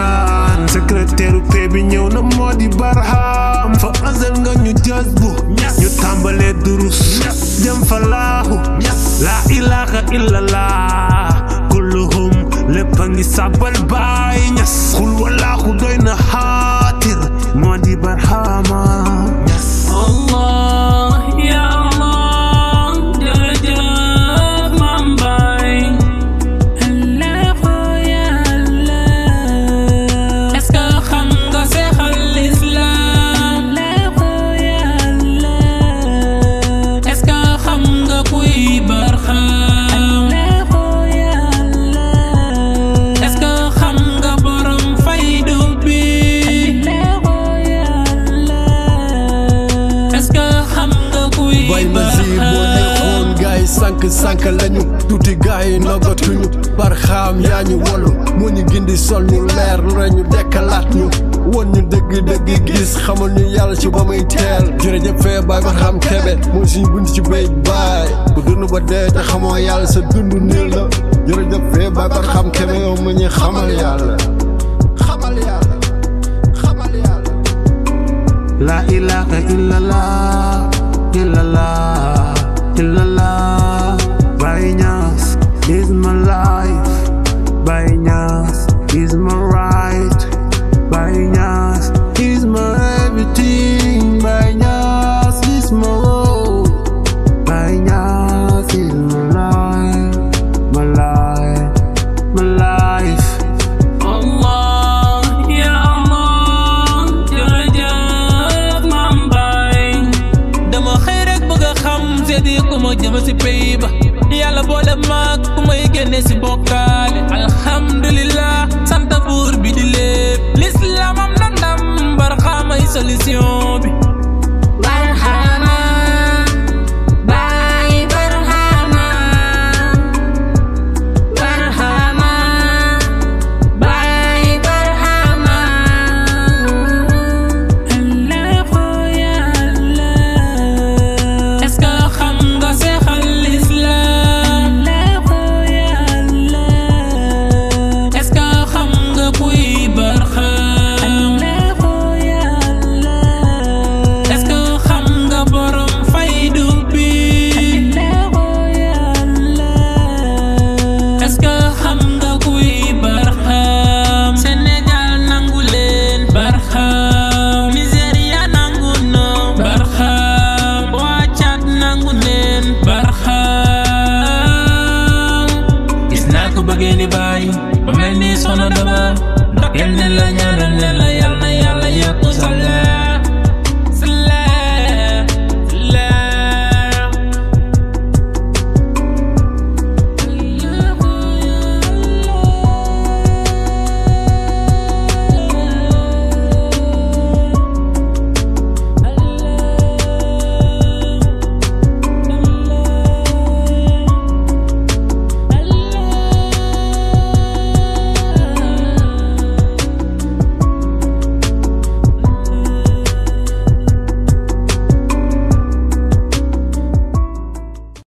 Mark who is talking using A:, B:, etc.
A: Barkan secrétaire paix bi ñëw na moo di fa azal nga ñu jës bu ñu tàmbalee durus dem fa laahu la ilaha illallah kulluhum lépp a ngi baay ñas xul walaahu doy na xaam sànq sànq lañu tuuti gaa yi noggatuñu barxaam yaa ñu wolu mu ñu gindi sol ñu leer lu ñu dekkalaat ñu won ñu dëgg dëgg gis xamal ñu yàlla ci ba muy teel jërëjëf fee baay barxaam tebe mooy suñu bunt ci béy baay bu dund ba dee te xamoo yàlla sa dund niil la jërëjëf fee baay barxaam tebe yow mu ñu xamal yàlla xamal yàlla xamal yàlla la ilaha illallah illallah illallah my life. Binance is my right. Binance yàlla boole maag ku may génne si bokkaale alhamdulilah sant bi di sonn dama. ndokkeel ne la ñaanal ne la yal na yàlla yokk sa leer